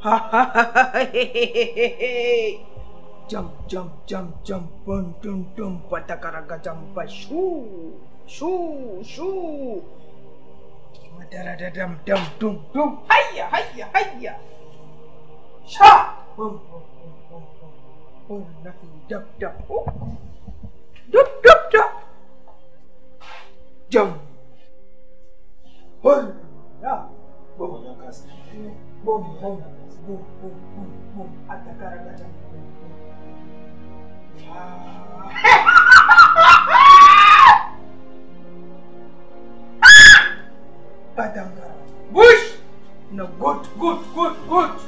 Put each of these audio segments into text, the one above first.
jump, jump, jump, jump, bum, dum, dum, patakaraga, jumpa, shoo, shoo, shoo. Madara da dam, dam, dum, dum, hayya, hayya, Sha, bum, bum, bum, bum, bum, bum, nothing, dum, dum, oh. Dum, dum, dum. Jump. Bush! No, good, good, good, good.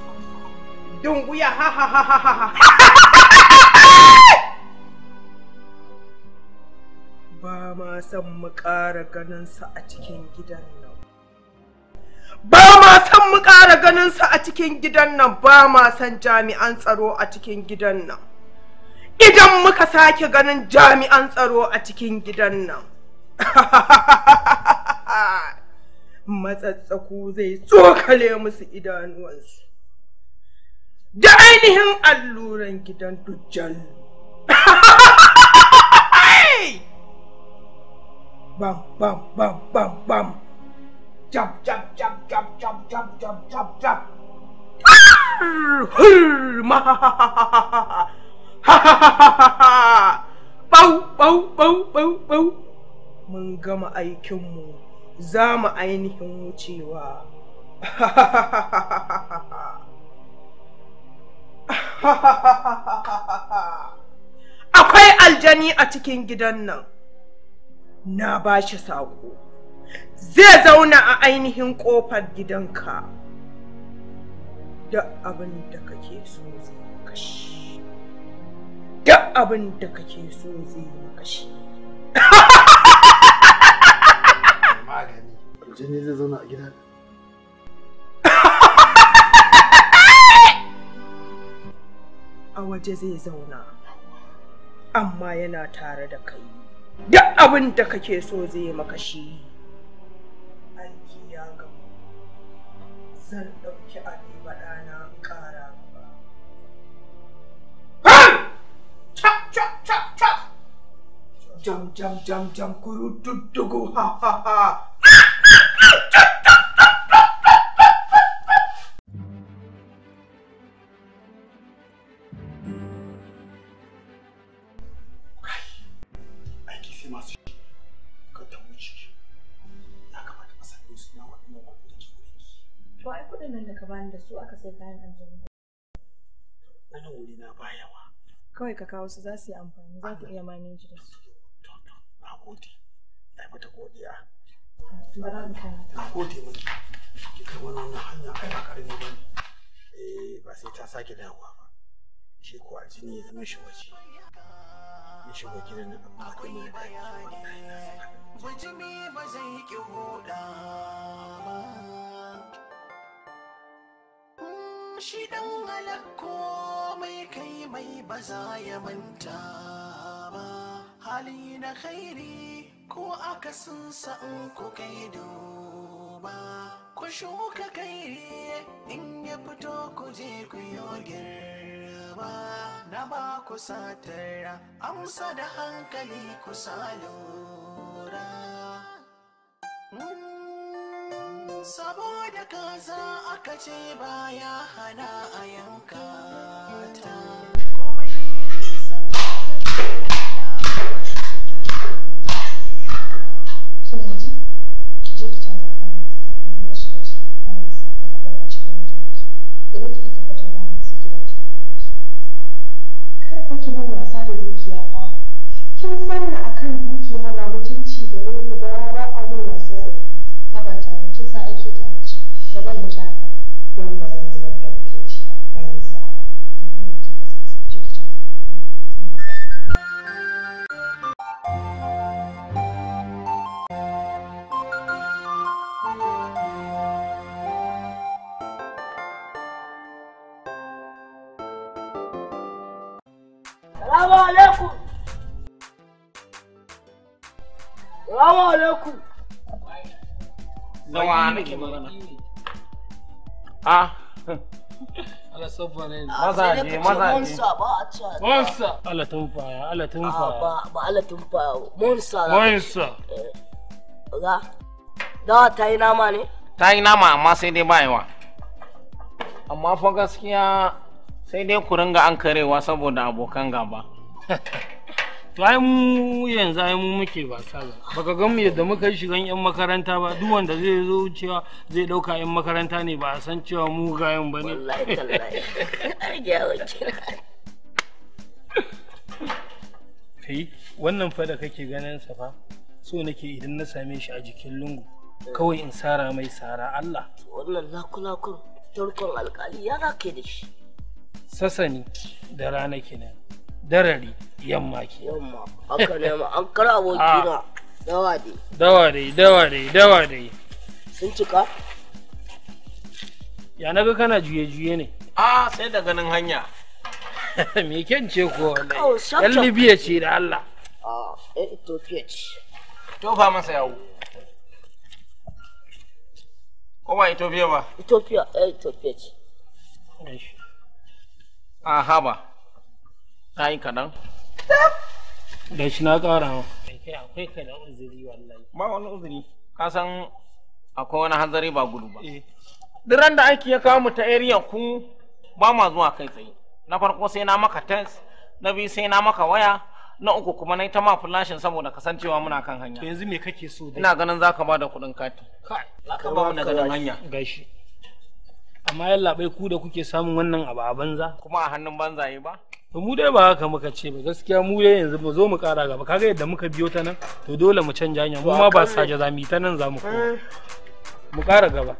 ha ha ha ha ha ha. Ba ma san mu ƙara ganinsa a cikin gidan nan. ba ma san mu ƙara ganinsa a cikin gidan nan ba ma san jami'an tsaro a cikin gidan nan idan muka sake ganin jami'an tsaro a cikin gidan nan matsatsaku zai tsokale musu idanuwansu da ainihin alluran gidan dujjal bam bam bam bam bam jump, jump, jump, jump, jump, jump, jump, jump, jump. ha ha ha ha ha Mun gama aikinmu, za mu ainihin wucewa. Akwai aljani a cikin gidan nan, na ba shi saƙo. zai zauna a ainihin kofar gidanka duk abin da kake so zai kashi duk abin da kake so zai kashi shi magani jini zai zauna a gidan a waje zai zauna amma yana tare da kai duk abin da kake so zai maka shi zan ɗauki abin faɗa na ba. Jam jam jam jam kuru duddugu ha ha ha. kuɗin nan da ka bani da su aka sai kayan aljanu. A wani wuri na ba yawa. Kawai ka kawo su za su yi amfani za ka iya maneji da su. To to na gode. Na mata godiya. Bara mu kana. Na gode mun. Ki kai wani wannan hanya ai ba karami ba ne. Eh ba sai ta sake dawowa ba. Shi ko aljini ya zama shi waje. Ya shigo gidan nan amma da mai da na saka. Bajimi ba zai ki huda. shi dan halak komai kai mai baza ya manta ba hali na khairi ko aka akasin in ku kai ba, ku shuka kairi in ya fito ku je ku girba na ba ku satara amsa da hankali ku salo kace ce baya hana a yanka Salamu alaikum. Salamu alaikum. Zama nake magana. Ah. Allah sabbara ne, Mazaje, mazaje. Monsa ba Allah tumfaya, Allah tumfaya. Ba ba Allah tumfaya. Monsa. Monsa. Ga. Dawa ta yi nama ne? Ta yi nama amma sai dai wa. Amma fa gaskiya sai dai ku ringa an karewa saboda abokan gaba to ai mu yanzu ai mu muke wasa ba baka gan yadda muka yi shigan yan makaranta ba duk wanda zai zo cewa zai dauka yan makaranta ne ba a san cewa mu gayan ba ne wallahi tallahi kai wannan fa da kake ganin sa fa so nake idan na same shi a jikin lungu kawai in sara mai sara Allah wannan lakulakun tarkon alkali ya ke da shi sasani da rana kenan darari yamma ke yamma haka ne ma an kar abokina ah. dawa dai dawa dai dawa dai dawa dai sun cika ya naga kana juye juye ne a sai da ganin hanya me kyan ce ko wallahi yan libiya ce da Allah a eh Ethiopia ce tofa masa yawo ko ba Ethiopia ba Ethiopia eh Ethiopia ce a haba Ta yi kaɗan? Da shi na ƙara wa. Akwai kaɗan uzuri wallahi. Ba wani uzuri. Ka san akwai wani hanzari ba gudu ba. Eh. Duran da aiki ya kawo mu ta area ku ba ma zuwa kai tsaye. Na farko sai na maka test, na biyu sai na maka waya, na uku kuma na yi ta ma flashin saboda kasancewa muna kan hanya. Yanzu me kake so Ina ganin za ka ba da kuɗin kati. ka ba mu na ganin hanya. Gashi. Amma bai ku da kuke samun wannan abu a banza? Kuma a hannun banzaye ba? to mu dai ba haka muka ce ba gaskiya mu dai yanzu mu zo mu kara gaba kaga yadda muka biyo ta nan to dole mu canja hanya mu ma ba saje za mu yi ta nan za mu eh. mu kara gaba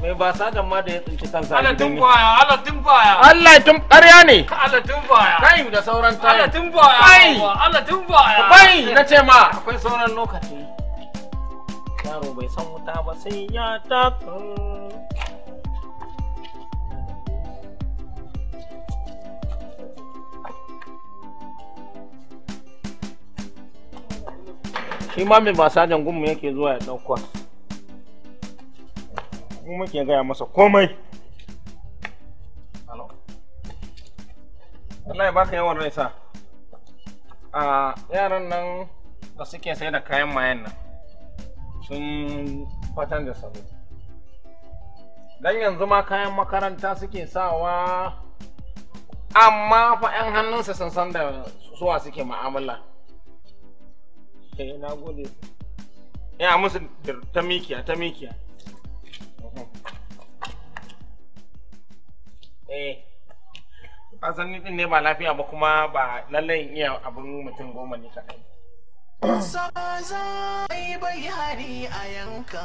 mai ba sajan ma da ya tsinci kansa Allah tun baya Allah tun baya Allah tun ƙarya ne Allah tun baya kai da sauran tayi Allah tun baya kai Allah tun baya Kai! na ce ma akwai sauran lokaci yaro bai san wuta ba sai ya taka shi ma mai ba sajan gumu yake zuwa ya ɗauka mu muke gaya masa komai Allah ya baka yawan rai sa a yaran nan da suke sai da kayan mayan nan sun fatan da sabo dan yanzu ma kayan makaranta suke sawa amma fa 'yan hannunsa sun san da suwa suke ma'amala eh na gode ya musu ta mikiya ta mikiya eh kasan ni din ne ba lafiya ba kuma ba lallai iya abin mutum goma ne kaɗai Zai bayani a yanka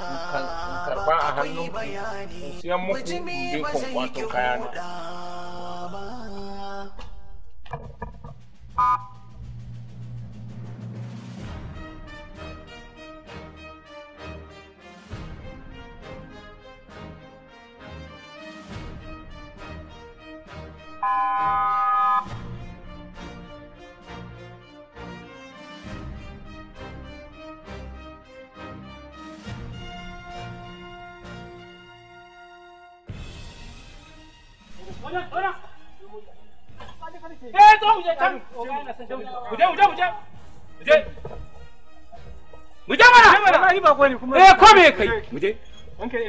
ba akwai bayani, bijimi ba zai ki eh zo mu je can mu je mu mana kuma eh kai mu je wanke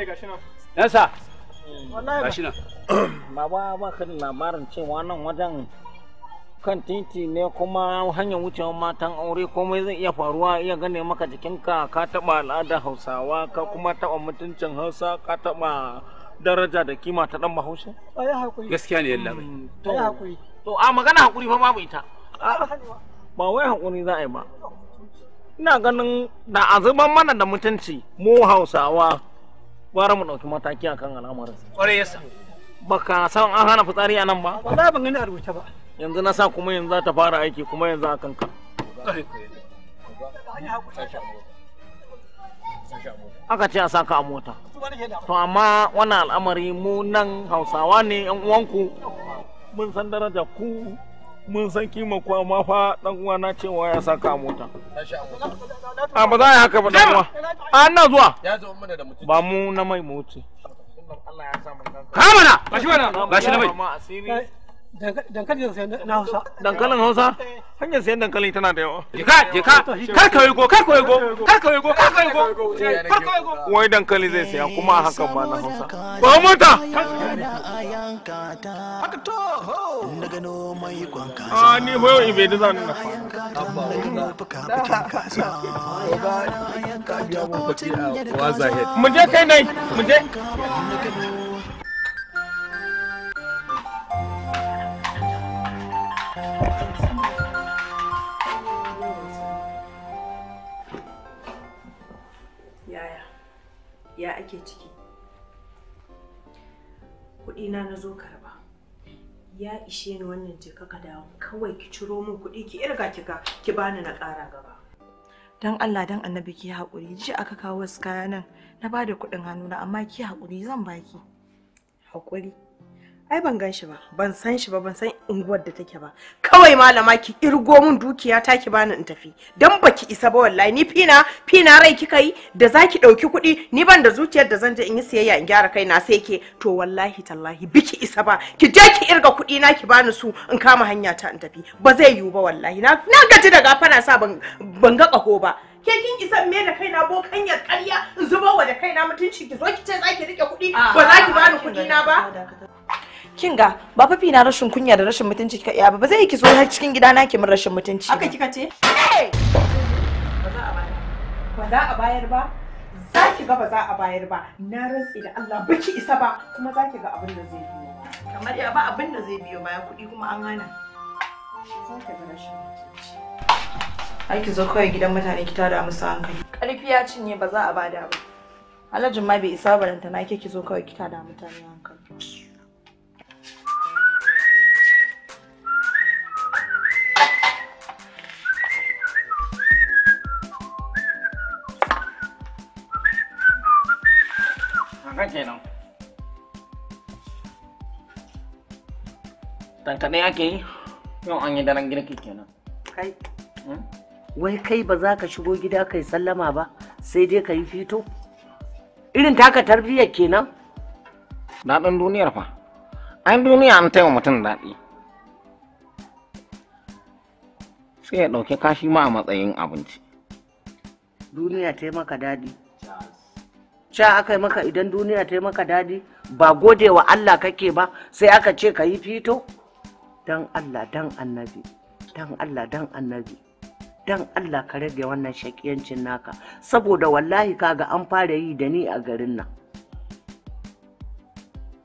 labarin cewa nan wajen kan titi ne kuma hanyar wucewa matan aure komai zai iya faruwa iya gane maka jikinka ka taba al'ada hausawa ka kuma taba mutuncin hausa ka taba daraja da kima ta dan bahaushe? Ai hakuri. Gaskiya ne yalla bai. Mm, to hakuri. To a magana hakuri fa babu ita. Ba wai hakuri za a yi ba. Ina ganin da a mana da mutunci mu Hausawa bara mu ɗauki mataki akan al'amarin. Ƙwarai yasa. Baka san an hana fitsari a nan ba? Ba za ban gani a rubuce ba. Yanzu na sa kuma yanzu za ta fara aiki kuma yanzu a kanka. Ƙwarai ƙwarai. aka ce a saka a mota to amma wannan al'amari mu nan hausawa ne yan uwanku mun san daraja ku mun san kima ku amma fa dan uwa na cewa ya saka a mota a ba za a yi haka ba dan uwa a ina zuwa ba mu na mai mota. wuce Allah ya sa mun gashi na mai dankalin na hausa dankalin hausa hanyar sayan dankalin tana da yawa jika jika kar ka go kar ka go kar ka go kar ka go kar ka go wai dankali zai saya kuma a hakan ba na hausa ba mota a ni wa in bai diza ni na mu je kai nai mu je ake ciki kuɗina na zo karba ya ishe ni wannan jeka ka dawo kawai ki ciro min kuɗi ki irga ki ga ki bani na ƙara gaba dan Allah dan annabi ki hakuri, ji aka kawo wasu kaya nan na bada kuɗin na amma ki haƙuri zan baki hakuri. ai ban gan shi ba ban san shi ba ban san unguwar da take ba kawai malama ki kirgo mun dukiya ta ki bani in tafi dan baki isa ba wallahi ni fina fina rai kika yi da zaki dauki kuɗi ni ban da zuciyar da zan je in yi siyayya in gyara kaina sai ke to wallahi tallahi biki isa ba ki je ki irga kuɗi na ki bani su in kama hanya ta in tafi ba zai yiwu ba wallahi na na gaji da na sa ban ban ga kaho ba ke kin isa me da kaina bokanyar ƙarya in zuba wa da kaina mutunci ki zo ki ce zaki rike kuɗi ba zaki bani kuɗi na ba kin ga ba fafi na rashin kunya da rashin mutunci kika iya ba ba zai ki zo har cikin gida na ki min rashin mutunci haka kika ce ba za a bayar ba za ki ga ba za a bayar ba na rantsi da Allah ba ki isa ba kuma za ki ga abin da zai biyo kamar ya ba abin da zai biyo baya kuɗi kuma an hana za ki ai ki zo kawai gidan mutane ki tada musu hankali ƙarfi ya cinye ba za a bada ba alhajin ma bai isa baranta na ke ki zo kawai ki tada mutane hankali kaɗai ake yi yau an yi daren girki kenan kai hmm? wai kai ba za ka shigo gida kai sallama ba sai dai ka yi fito irin taka tarbiyyar kenan daɗin duniyar fa an duniya an taimaka mutum daɗi sai ya ɗauki kashi ma a matsayin abinci duniya ta maka daɗi sha aka yi maka idan duniya ta maka daɗi ba gode wa allah kake ba sai aka ce ka yi fito dan Allah dan annabi dan Allah dan annabi dan Allah ka rage wannan shakiyancin naka saboda wallahi kaga an fara yi da ni a garin nan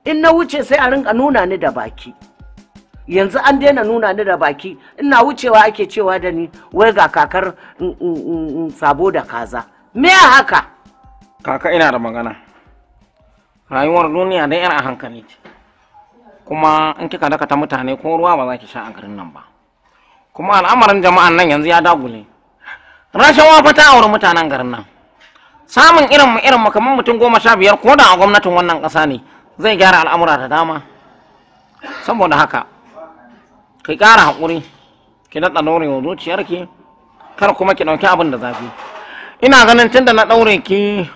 in na wuce sai a rinka nuna ni da baki yanzu an daina nuna ni da baki ina wucewa ake cewa da ni wai ga kakar mm, mm, mm, sabo da kaza me haka kaka ina da magana rayuwar duniya da 'yar a hankali ce kuma in kika ta mutane ko ruwa ba za ki sha a garin nan ba kuma al'amarin jama'an nan yanzu ya dagule rashawa fa ta auri mutanen garin nan samun irin mu irin kamar mutum goma sha biyar ko da a gwamnatin wannan ƙasa ne zai gyara al'amura da dama saboda haka ki ƙara haƙuri ki daɗa wa zuciyarki kar kuma ki ɗauki abin da zafi ina ganin tunda na ɗaure ki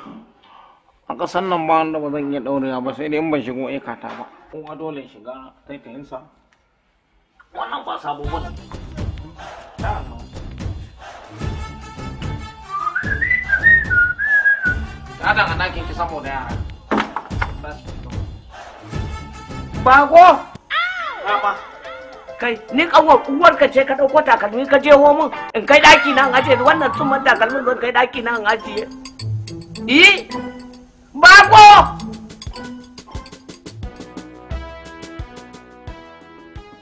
a ƙasar nan ba wanda ba zan iya ɗaurewa ba sai dai in ban shigo aikata ba kuma dole shiga taitayinsa wannan ba sabo ba ne Adam a nakin ki saboda yara. Bago! Rama. Kai, ni kawar uwarka ce ka ɗauko takalmi ka je homin in kai daki na ajiye wannan tsumman takalmin zan kai daki na ajiye. Yi! Bago!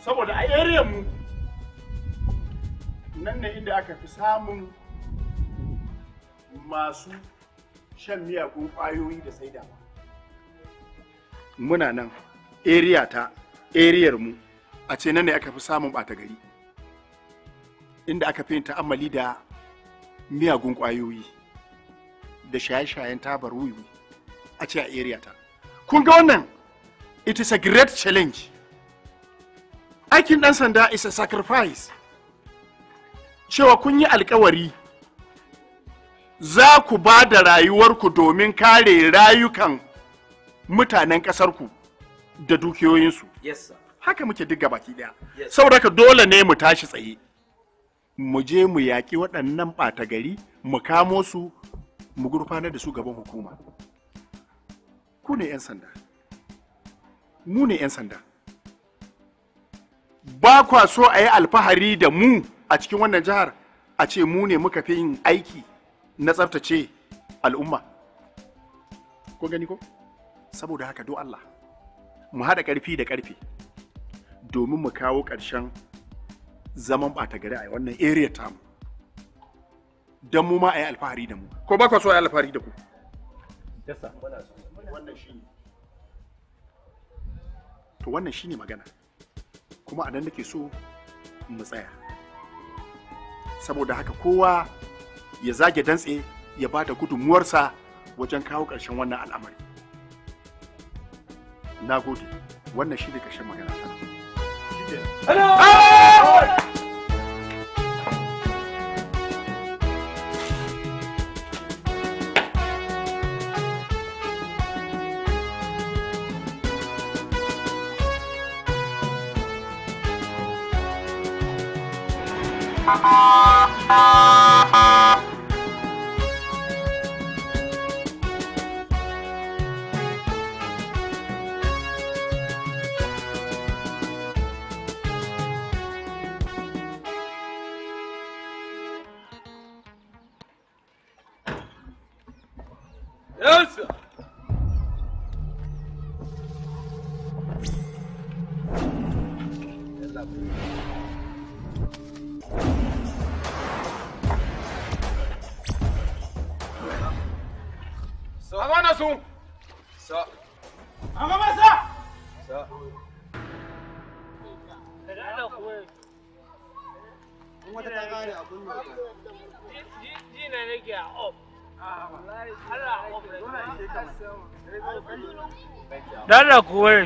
saboda a area mu nan ne inda aka fi samun masu shan miyagun ƙwayoyi da saida muna nan area ta area mu a ce nan ne aka fi samun bata gari inda aka fi ta amali da miyagun ƙwayoyi da shaye-shayen tabar wuyu a ce a area ta kun ga wannan it is a great challenge aikin ɗan sanda is a sacrifice cewa kun yi alkawari za ku ba da rayuwarku domin kare rayukan mutanen ƙasarku da dukiyoyinsu yes, haka muke duk baki ɗaya yes, saboda dole ne mu tashi tsaye mu je mu yaƙi waɗannan ɓata gari mu kamo su mu gurfanar da su gaban hukuma ku ne 'yan sanda mu ne 'yan sanda ba kwa so a yi alfahari da mu a cikin wannan jihar a ce mu ne muka fi yin aiki na tsaftace al'umma ko gani ko saboda haka do Allah mu haɗa ƙarfi da ƙarfi domin mu kawo ƙarshen zaman ɓata gari a wannan area mu don mu ma a yi alfahari da mu ko ba kwa so a yi alfahari da ku wannan to wannan shi ne magana kuma a nan nake so mu tsaya saboda haka kowa ya zage dantse ya ba da gudunmuwarsa wajen kawo ƙarshen wannan al'amari na gode wannan shi ne ƙarshen magana 拜拜。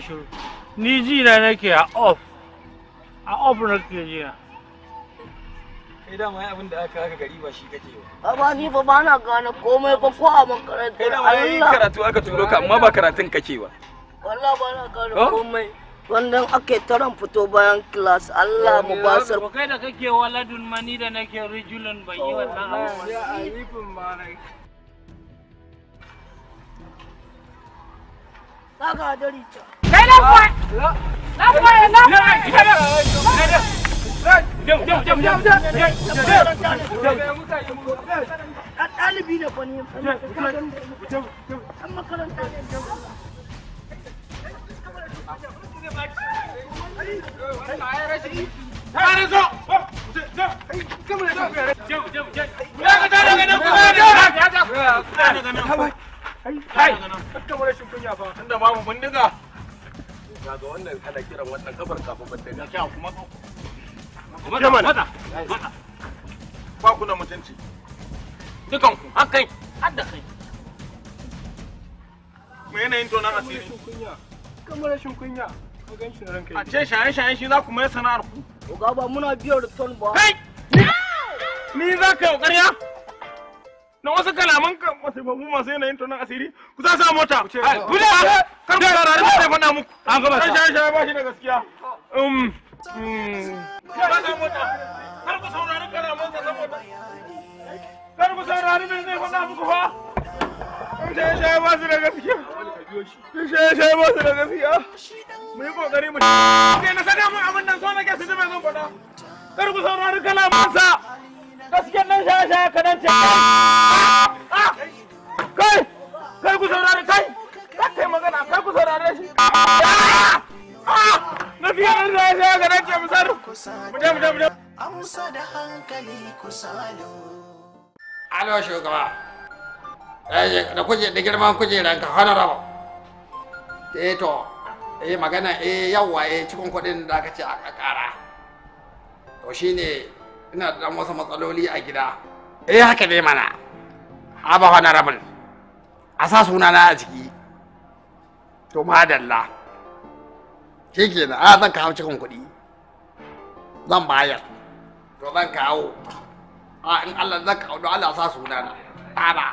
shiru ni ji na nake a off a off nake ji na kai abin da aka aka gari ba shi kake ba amma ni ba na gane komai ba ko a makaranta kai dama yayi karatu aka turo ka amma ba karatun kake ba wallahi ba na gane oh? komai wannan ake taron fito bayan kilas Allah mu basar ko kai da kake waladun mani da nake rijulun bai yi wannan oh, abu ya kaga dari ta ɗalibi ne fa ne makaranta Hai, kunya ba. Tunda bindiga. kaga wannan ana kiran wannan kafar kafin ban da kyau kuma kuma da mata ba ku da mutunci dukan ku har kai har da kai me yanayin to nan asiri kamar rashin kunya ka gan shi ranka a ce shaye shaye shi za ku mai sana'ar ku ga ba muna biyar da ton ba kai ni za ka yi ƙarya wasu kalaman masifaffu masu yanayin tonon asiri ku sa mota oh. kar ku sa rari sai faɗa muku an gaba ta ba shi da gaskiya um kar ku mota kar ku saurari kalaman sa kar ku saurari zai faɗa muku fa ba da gaskiya ba da gaskiya mu yi kokari mu na mun abin nan so su zan faɗa kar ku saurari kalaman sa gaskiyar nan shaya shaya kaɗan ce kai kai ku kai kai magana kai ku saurari shi ah! Ah! nan shaya ce musar amsa da hankali ku salo alo shugaba eh, da kuje da girman eh to eh magana eh eh cikin kuɗin da ce a ƙara to shine ina da dan wasu matsaloli a gida eh haka ne mana haba honorable a sa suna na a ciki to madalla shi ke na a ah, zan kawo cikin kuɗi zan bayar to zan kawo a ah, in allah zan kawo don allah sa suna na ana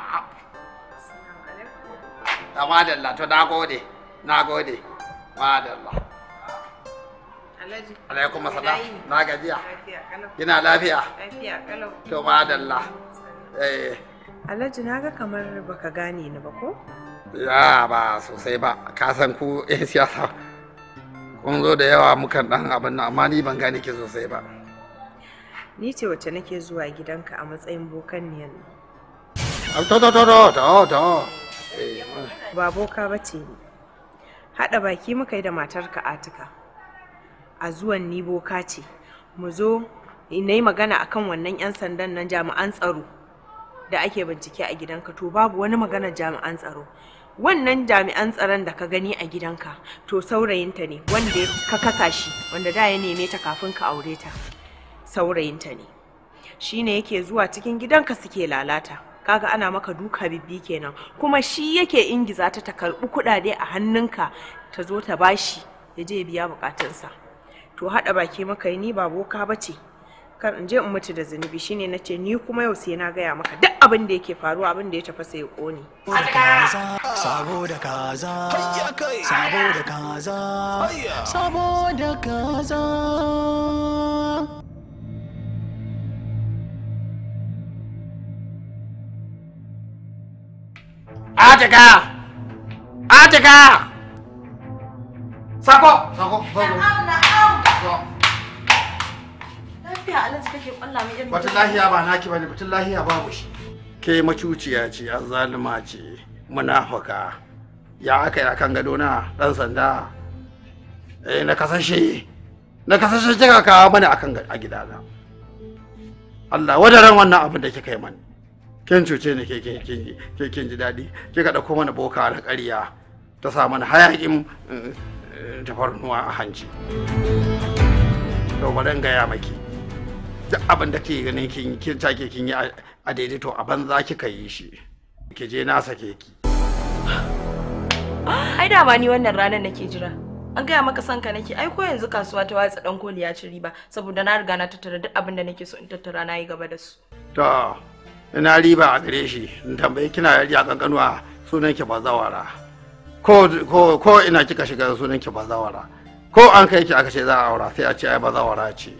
a madalla to na gode na gode madalla Alhaji. Alaikum assalam. Na gajiya. Kina lafiya? Lafiya kalau. To madalla. Eh. Alhaji na ga kamar baka gane ni ba ko? Ya ba sosai ba. Ka san ku 'yan eh, siyasa kun zo da yawa mukan dan abin nan amma ni ban gane ki sosai ba ni ce wacce nake zuwa gidanka a matsayin bokan ne yanzu to to to to to to eh. ba boka bace ne hada baki muka yi da matarka atika a zuwan ni boka ce mu zo na yi magana kan wannan 'yan sandan nan jami'an tsaro da ake bincike a gidanka to babu wani magana jami'an tsaro wannan jami'an tsaron da ka gani a gidanka to saurayinta ne wanda ka kasa shi wanda da ya neme ta kafin ka aure ta saurayinta ne Shi ne yake zuwa cikin gidanka suke lalata kaga ana maka duka bibbi kenan kuma shi yake ingiza ta ta karbi kudade a hannunka ta zo ta bashi ya je biya bukatunsa to haɗa baki maka yi ni ba boka ba ce kan in je in mutu da zunubi shine na ce ni kuma yau sai na gaya maka duk abin da yake faruwa abin da ya tafi sai ya ƙone. Sabo da kaza, sabo da kaza, sabo da kaza. Atika! Atika! Sako! Sako! Sako! Lafiya Alhaji kake kwalla min irin. lahiya ba naki bane, batun lahiya babu shi. Ke macuciya ce, azzaluma ce, munafaka. Ya aka ya kan gado na dan sanda. Eh na kasashe. Na kasashe kika kawo mana akan a gidana. Allah wadaran wannan abin da kika yi mani. Kin cuce ni ke kin ji daɗi, kika ɗauko mana boka na ƙarya ta sa mana hayaƙin eh, eh, tafarnuwa a hanci. to gaya maki duk abin da ke ganin kin kin take kin yi a daidai to a banza kika yi shi ki je na sake ki ai da ba ni wannan ranar nake jira an gaya maka son ka nake ai ko yanzu kasuwa ta watsa dan koli ya ci riba saboda na riga na tattara duk abin da nake so in tattara nayi gaba da su to ina riba a gare shi in tambayi kina yari a kankanuwa sunan ki bazawara ko ko ina kika shiga sunan ki bazawara ko an kai ki aka ce za a aura sai a ce ai ba za a ce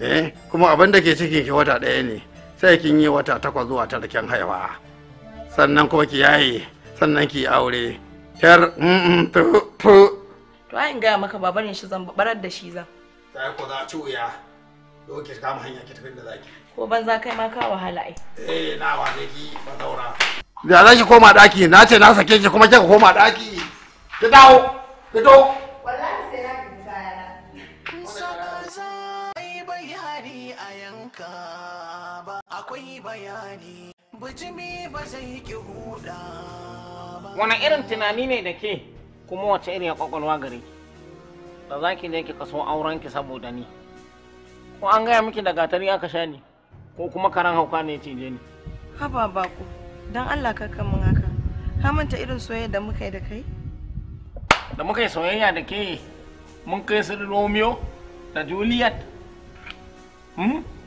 eh kuma abin da ke cikin ki wata ɗaya ne sai kin yi wata takwas zuwa tara kin haifa sannan kuma ki yaye sannan ki aure yar mm to mm, to to ai ga maka babarin shi zan barar da shi zan sai ko za a ci wuya doke kama hanya ki tafi da zaki ko ban za kai ma ka wahala ai eh na wa ki ba zaura da za ki koma daki na ce na sake ki kuma kika koma daki ki dawo ki dawo wallahi akwai bayani bijimi ba zai ki huda wani irin tunani ne da ke kuma wace irin kwakwalwa gare da za ki je ki kaso auren ki saboda ni ko an gaya miki da gatari aka sha ni ko kuma karan hauka ne ce ni haba bako don allah ka mun haka ka manta irin soyayya da muka yi da kai da muka yi soyayya da ke mun kai su romeo da juliet hmm?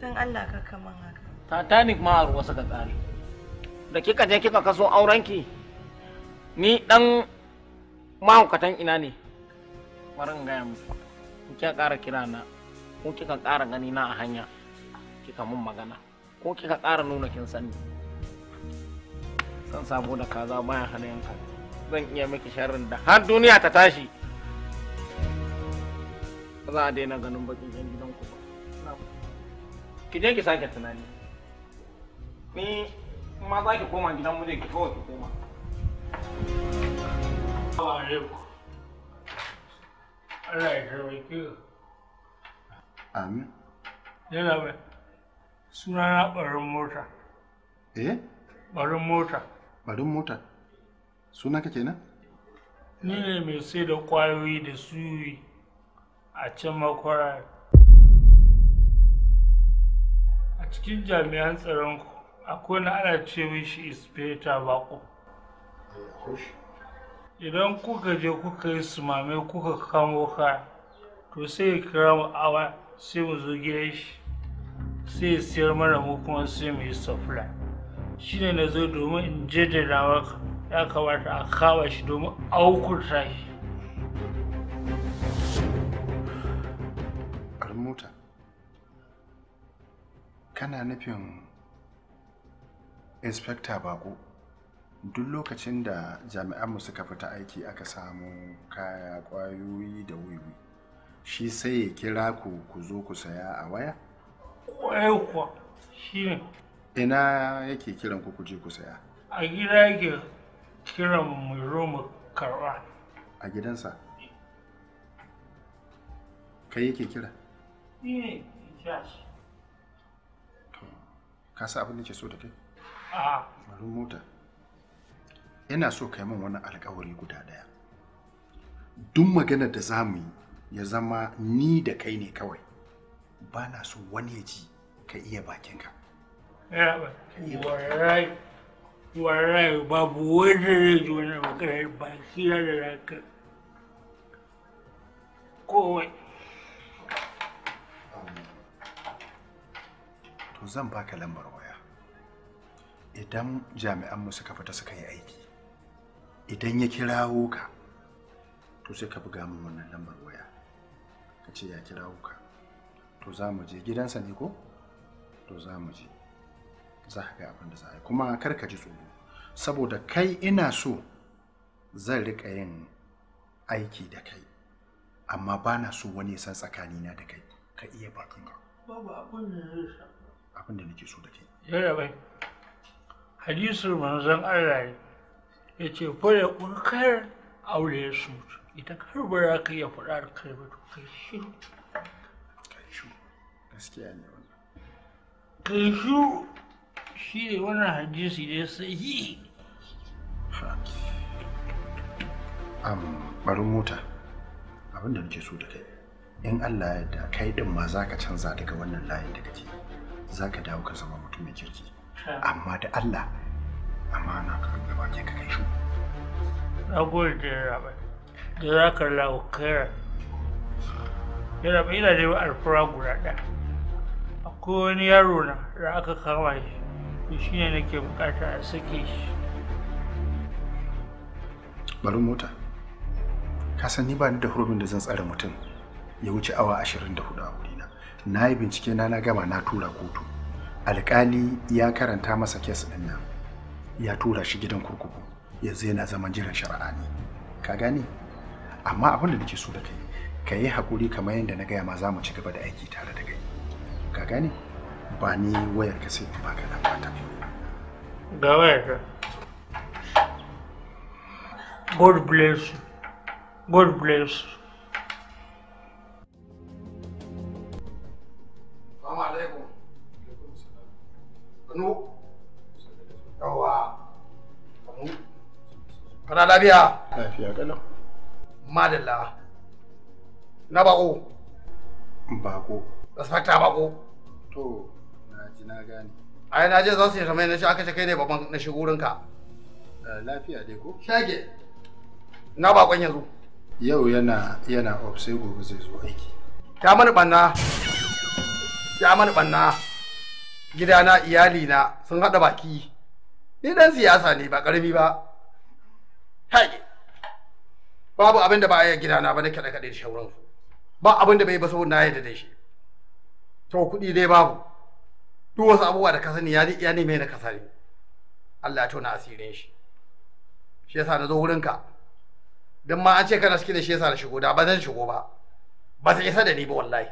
don Allah ka kaman haka titanic ma a ruwa suka tsari da kika je kika kaso aurenki ni dan mahaukatan ina ne warin gaya muku kika ƙara kira na ko kika ƙara gani na a hanya kika mun magana ko kika ƙara nuna kin sani san sabo da kaza baya hana yanka zan iya miki sharrin da har duniya ta tashi za a daina ganin bakin yan ki je ki sake tunani ni ma za ki koma gidan muje ki kawai ki koma Allah ya taimake Amin. Yana bai, suna na ɓarin mota. Eh? Barin mota. Barin mota? Suna ka kenan? Ni ne mai sai da kwayoyi da suyi a can makwarar. a cikin jami'an tsaron akwai na ana ce mishi inspector bako idan kuka je kuka yi sumame kuka kamo ka to sai ya kira mu awa sai mu zo gidan shi sai ya siyar mana mu kuma sai mu yi safura shi ne na zo domin in jaddada maka ya kamata a kawo shi domin aukurta shi kana nufin inspector bako duk lokacin da jami'anmu suka fita aiki aka samu kaya kwayoyi da wuri, shi sai ya kira ku ku zo ku saya a waya? kwayo kuwa shi ne ina yake kiran ku je ku saya a gida yake kiran mu roma karwa a gidansa kai yake kira ni ne ya shi ka sa abin da ke so da kai a marin mota ina so kai min wani alkawari guda daya duk maganar da za mu yi ya zama ni da kai ne kawai ba na so wani ya ji ka iya bakinka warai babu wanda zai ji wani maganar baki da raka kowai zan baka lambar waya idan jami'an mu suka fita suka yi aiki idan ya kirawo ka to sai ka buga mu wannan lambar waya ka ce ya kirawo ka to za mu je gidansa ne ko to za mu je za ka ga abin da za a yi kuma kar ka ji tsoro saboda kai ina so zan rika yin aiki da kai amma ba na so wani ya san tsakanina da kai ka iya bakinka babu abin da zai abinda nake so da kai yare bai hadisul manzon Allah ya ce fara aure ya su ita kar bara ka iya faɗa da kai ba to kai shi. kai shi, gaskiya ne wannan kai shi shi ne wannan hadisi ne yi. Am, barin mota abin da nake so da kai in allah ya yarda kai din ma za ka canza daga wannan layin da kake za ka dawo ka zama mutumin kirki amma da Allah amana ka gaba je ka kai shi na gode ya rabe da za ka lawo kaira ya rabe ina da alfura guda ɗaya akwai wani yaro na da aka kama shi to shi ne nake bukata a sake shi bari mota ka san ni ba ni da hurumin da zan tsare mutum ya wuce awa ashirin da hudu a wuri na yi bincike na na gama na tura kotu alkali ya karanta masa kes ɗin nan ya tura shi gidan kurkuku yanzu yana zaman jiran shari'a ne ka gane amma abin da nake so da kai ka yi haƙuri kamar yadda na gaya ma za mu ci gaba da aiki tare da kai ka gane ba ni wayar ka sai ba ka da fata ga wayar ka god bless you god bless you Sannu. Yawa. Sannu. Kana lafiya? Lafiya kalau. Madalla. Na bako. Bako. Respecta bako. To, na ji na gane. Ai na je za su yi kamar na shi aka ce kai ne babban na shi wurinka. Eh, lafiya dai ko? Shage. Na bakon yanzu. Yau yana yana off sai gobe zai zo aiki. Ta mani banna. Ta mani banna. gidana iyalina sun haɗa baki ni dan siyasa ne ba ƙarami ba haƙi babu abin da ba a gidana ba na kaɗe kaɗe da shauran ba abin da bai ba saboda na yadda da shi to kuɗi dai babu duk wasu abubuwa da ka sani ya ya mai na ka sani Allah ya tona asirin shi shi yasa na zo wurinka don ma an ce kana suke da shi yasa na shigo da ba zan shigo ba ba su isa da ni ba wallahi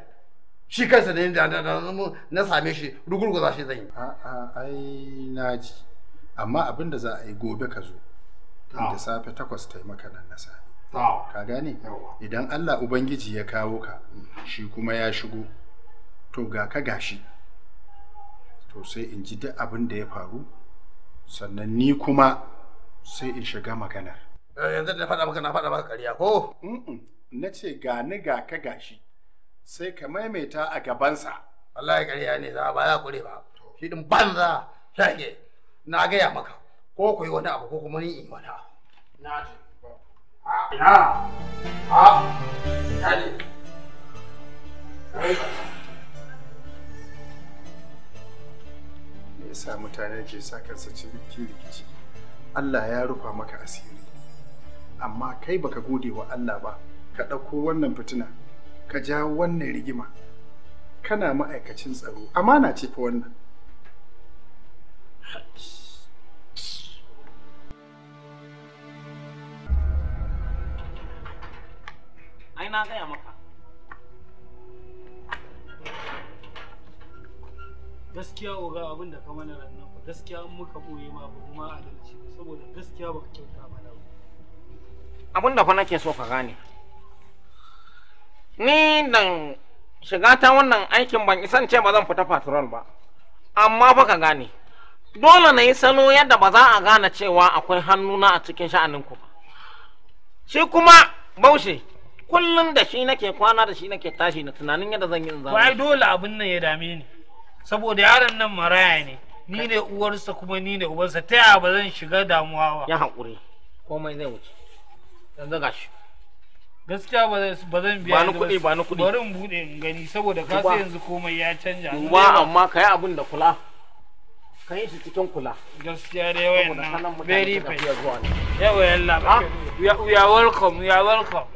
shi kansa ne da na same shi rugurguza shi zan yi a'a ai na ji amma abin da za a yi gobe ka zo da safe takwas ta yi maka nan na safe ka gane idan Allah ubangiji ya kawo ka shi kuma ya shigo to ga ka gashi to sai in ji duk abin da ya faru sannan ni kuma sai in shiga maganar yanzu da faɗa maka na faɗa maka ƙarya ko na ce ga ni ga ka gashi sai ka maimaita a gabansa wallahi ƙarya ne za ba za kure ba shi din banza shage na gaya maka ko ku yi wani abu ko kuma ni in wata na ji a ina a ina ne me yasa mutane ke sa kansa cikin rikici Allah ya rufa maka asiri amma kai baka gode wa Allah ba ka ɗauko wannan fitina ka ja wannan rigima kana ma'aikacin tsaro amana ce fa wannan ai na gaya maka gaskiya oga abin da ka mana rannan ba gaskiya an muka boye ma ba ma adalci saboda gaskiya baka kyauta mana ba abin da fa nake so ka gane ni nan shiga ta wannan aikin ban isan ce ba zan fita patrol ba amma fa ka gane dole na yi salo yadda ba za a gane cewa akwai hannuna a cikin sha'anin ku ba shi kuma baushe kullum da shi nake kwana da shi nake tashi na tunanin yadda zan yi in zama dole abin nan ya dame ni saboda yaron nan maraya ne ni ne uwarsa kuma ni ne uwarsa ta yaya ba zan shiga damuwa ba ya haƙuri komai zai wuce yanzu gashi gaskiya ba zan biya ba ni kuɗi ba ni kuɗi bari in bude in gani saboda ka sai yanzu komai ya canja duba amma kai abin da kula kan yi shi cikin kula gaskiya dai wayannan nan very fine yawa yalla ba we ah. ya welcome ya welcome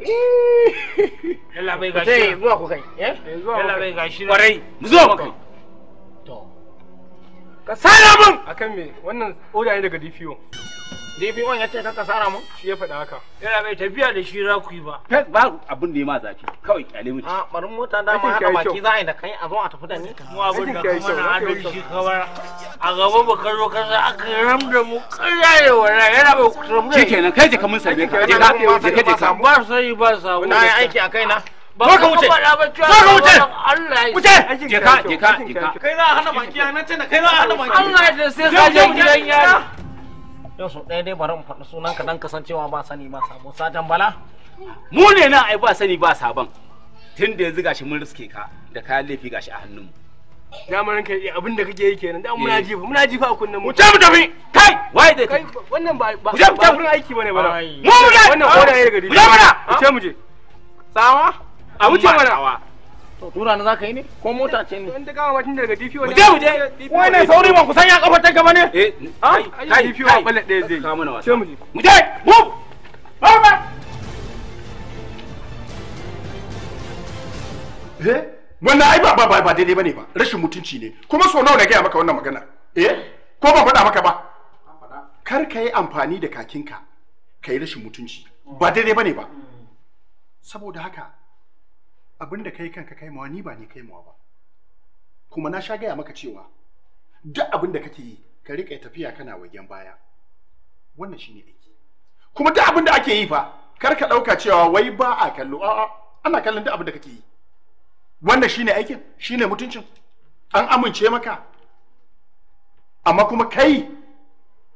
yalla bai ga shi zuwa ku kai eh, eh yalla bai gashi kwarai zuwa ku kai to ka sai abun akan me wannan oda ne daga DPO DPO ya ce kaka sara mun? Shi ya faɗa haka. Yana bai tafiya da shi za ku yi ba. Kai ba abin da ya ma zafi. Kawai kyale mu. Ah, barin mota da ma haka baki za a yi da kai a zo a tafi da ni. Mu abin da kuma na adalci A gaba ba ka zo aka ram da mu karyaye wala yana bai kusurum da. Shikenan kai je mun sarbe ka. Je ka je Ba sai ba sa. Na yi aiki a kaina. Zo ka wuce! Zo ka wuce! Wuce! Kai za a hana baki a nan kai za a hana baki. Allah ya sai ka je gidan yari. yau ɗaya dai bari mu faɗi sunan ka dan kasancewa ba sani ba sabo sajan bala mu ne na ai ba sani ba sabon tun da yanzu gashi mun riske ka da kayan laifi gashi a hannunmu damar ranka abin da kake yi kenan da muna eh. jifa muna jifa a kunnen mu tafi tafi kai wai da kai wannan ba ba ba wurin aiki bane bala mu ne wannan koda ne daga dini mu je mu je sawa a wuce mana tura na zaka yi ne ko mota ce ne in ta kawo mashin daga DPO ne mu je mu je sauri ma kusan ya kafar ta gaba ne eh ah? ai DPO a balle ɗaya zai ka mana wasa mu je mu je ba eh wannan ai ba ba ba daidai bane ba rashin mutunci ne kuma so nawa na gaya maka wannan magana eh ko ba faɗa maka ba kar ka yi amfani da kakinka ka yi rashin mutunci ba daidai bane ba hmm. saboda haka abin da kai kanka kai mawa ni ba ni kai mawa ba kuma na sha gaya maka cewa duk abin da kake yi ka riƙa tafiya kana wagen baya wannan shine aiki kuma duk abin da ake yi fa kar ka ɗauka cewa wai ba a kallo a'a ana kallon duk abin da kake yi wannan shine aikin shine mutuncin an amince maka amma kuma kai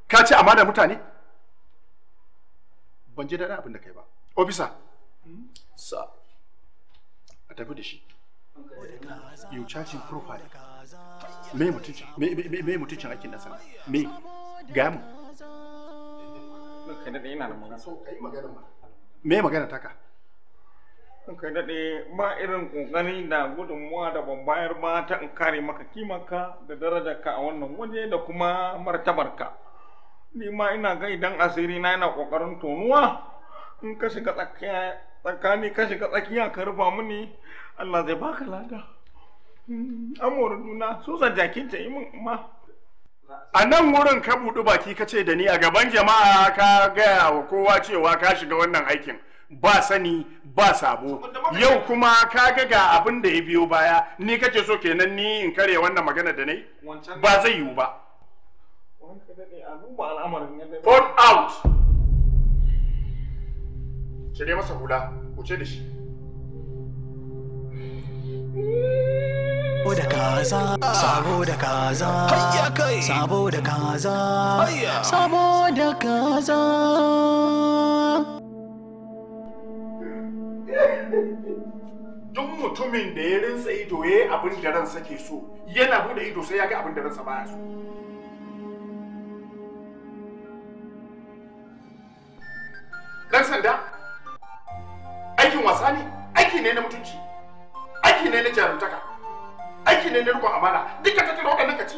ka ci amana mutane ban ji daɗin abin da kai ba ofisa sir. ka tafi da shi yau cacin profile mai mutuncin me mutuncin aikin nasa ga mu mai da magana so kai ma taka kai daɗe ba irin ƙoƙari da gudunmuwa da ban bayar ba ta in kare maka kimanka da ka a wannan waje da kuma martabarka ni ma ina ga idan asiri na yana ƙoƙarin tonuwa in ka shiga tsakani ka shiga tsakiya ka rufa mini Allah zai baka lada hmm, amur nuna susan jakin ta yi min ma a nan wurin ka buɗu baki ka ce da ni a gaban jama'a ka gaya wa kowa cewa ka shiga wannan aikin ba sani ba sabo yau kuma ka ga ga abin da ya biyo baya ni kake so kenan ni in kare wannan magana da nai ba zai yiwu ba phone out cire masa hula wuce da shi Saboda kaza Saboda kaza Saboda kaza Saboda kaza duk mutumin da ya rinsa ido ya yi abin da ransa ke so yana bude ido sai ya ga abin da ransa baya so dan sanda aikin wasa ne aiki ne na mutunci aiki ne na jarumtaka aiki ne na rikon amana duka ta tara waɗannan ka ci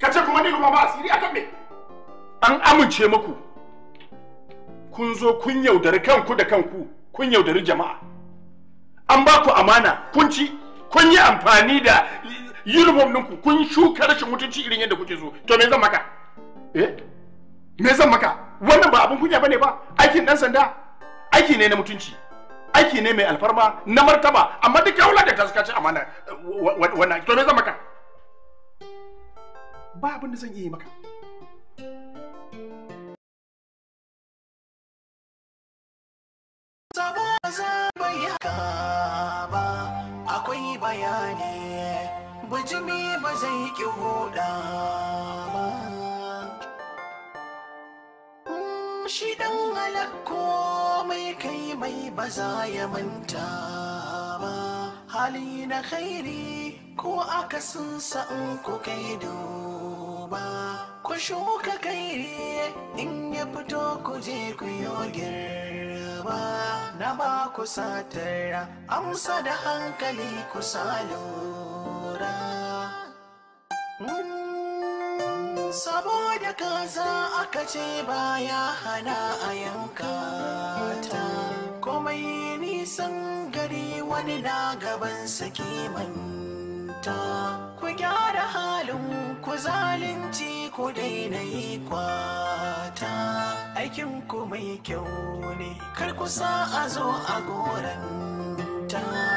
ka ce kuma ni ruwa ba asiri akan me an amince muku kun zo kun yaudari kanku da kanku kun yaudari jama'a an ba ku amana kun ci kun yi amfani da uniform ɗinku kun shuka rashin mutunci irin yadda kuke so to me zan maka eh me zan maka wannan ba abin kunya bane ba aikin dan sanda aiki ne na mutunci aiki ne mai alfarma na martaba amma duk yawon da ta suka ci amana wannan to me zan maka ba abin da zan iya yi maka akwai bayani ba zai ki huda ba shi dan alakko mai kai mai ba za ya manta ba hali na khairi ko aka akasin sa'in ku kai ba ku shuka kairi in ya fito ku je ku yi ba na ba ku satara amsa da hankali ku sa lura mm. saboda kaza aka ce baya hana a yanka ta komai nisan gari wani na gaban saki manta ku gyara halin ku zalunci ku daina yi kwata aikin ku mai kyau ne kar ku sa a zo a goranta